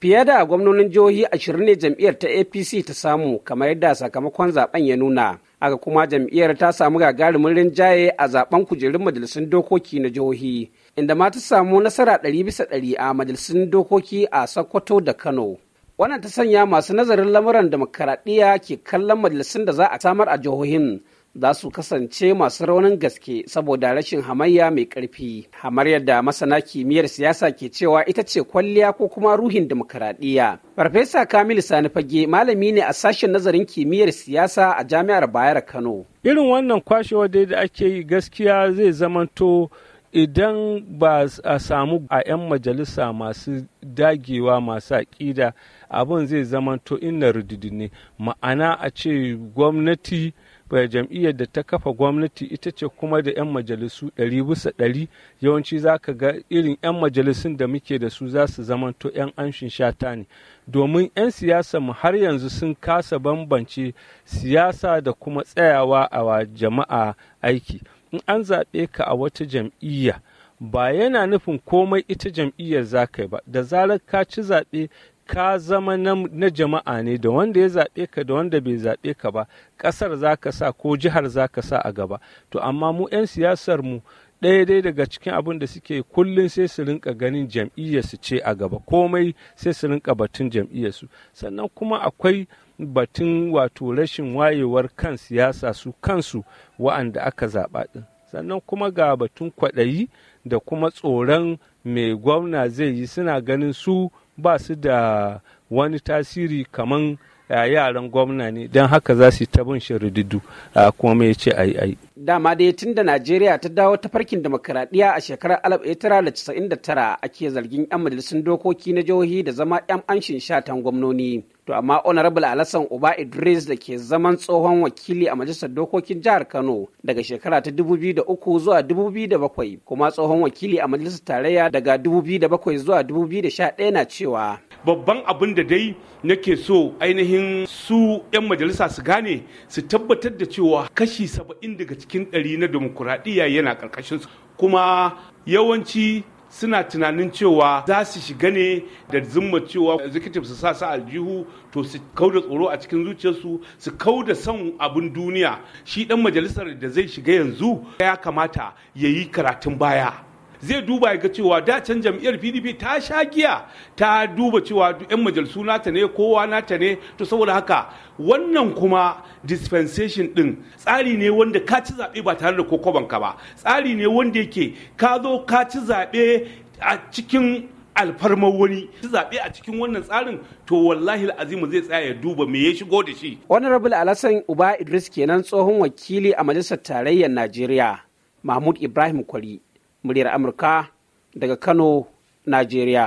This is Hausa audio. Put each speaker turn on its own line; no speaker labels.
Fiye da gwamnonin jihohi ashirin ne jam'iyyar ta APC ta samu kamar yadda sakamakon zaben ya nuna. Aka kuma jam'iyyar ta samu gagarumin rinjaye a zaben kujerun majalisun dokoki na jihohi, inda ma ta samu nasara ɗari bisa ɗari a majalisun dokoki a Sokoto da Kano. Wannan ta sanya masu nazarin lamuran demokaradiyya ke kallon majalisun da za a samar a jihohin za su kasance masu raunin gaske saboda rashin hamayya mai ƙarfi hamar yadda masana kimiyyar siyasa ke cewa ita ce kwalliya ko kuma ruhin demokaradiyya farfesa kamil sani fage malami ne a sashen nazarin kimiyyar siyasa a jami'ar bayar kano
irin wannan kwashewar da ake yi gaskiya zai zamanto idan ba a samu a 'yan majalisa masu dagewa masu aƙida abin zai zamanto ina ne, ma'ana a ce gwamnati jam'iyyar da ta kafa gwamnati ita ce kuma da 'yan majalisu ɗari bisa ɗari yawanci za ka ga irin 'yan majalisun da muke da su za su zamanto 'yan amshin shata ne domin 'yan siyasa mu har yanzu sun kasa bambance siyasa da kuma tsayawa a jama'a aiki in an zaɓe ka a wata jam'iyya ba yana nufin komai ita jam'iyyar za ka ba da zarar ka ci zaɓe ka zama na jama'a ne da wanda ya zaɓe ka da wanda bai zaɓe ka ba ƙasar za ka sa ko jihar za ka sa a gaba to amma mu 'yan siyasar mu ɗaya dai daga cikin abin da suke kullum sai su rinka ganin jam'iyyarsu ce a gaba komai sai su rinka batun jam'iyyarsu sannan kuma akwai batun wato rashin wayewar kan siyasa su kansu wa'anda aka zaɓa ɗin sannan kuma ga batun kwaɗayi da kuma tsoron mai gwamna zai yi suna ganin su ba su
da
wani tasiri kamar. yaran gwamna ne don haka za su ta bin a kuma mai ce ai ai
dama dai tun da najeriya ta dawo ta farkin demokaradiyya a shekarar tara ake zargin 'yan majalisun dokoki na jihohi da zama 'yan anshin shatan gwamnoni to amma honorable alassan uba idris da ke zaman tsohon wakili a majalisar dokokin jihar kano daga shekara ta 2003 zuwa 2007 kuma tsohon wakili a majalisar tarayya daga 2007 zuwa 2011 na cewa babban abin da dai nake so ainihin su 'yan majalisa su gane su
tabbatar da cewa kashi saba'in daga cikin ɗari na demokuraɗiyya yana ƙarƙashin su kuma yawanci suna tunanin cewa za su shiga ne da zumma cewa executive su sa su aljihu to su kau da tsoro a cikin zuciyarsu su kau da son abin duniya shi dan majalisar da zai shiga yanzu ya kamata ya yi karatun baya zai duba ga cewa da can jam'iyyar pdp ta sha giya ta duba cewa yan majalisu nata ne kowa nata ne to saboda haka wannan kuma dispensation din tsari ne wanda ka ci zaɓe ba tare da kokobanka ba tsari ne wanda yake ka zo ka ci zaɓe a cikin alfarmar wani ci zaɓe a cikin wannan tsarin to wallahi azimu zai tsaya ya duba me ya shigo da shi.
Wani rabin alasan uba idris kenan tsohon wakili a majalisar tarayyar najeriya mahmud ibrahim kwari muryar amurka daga kano najeriya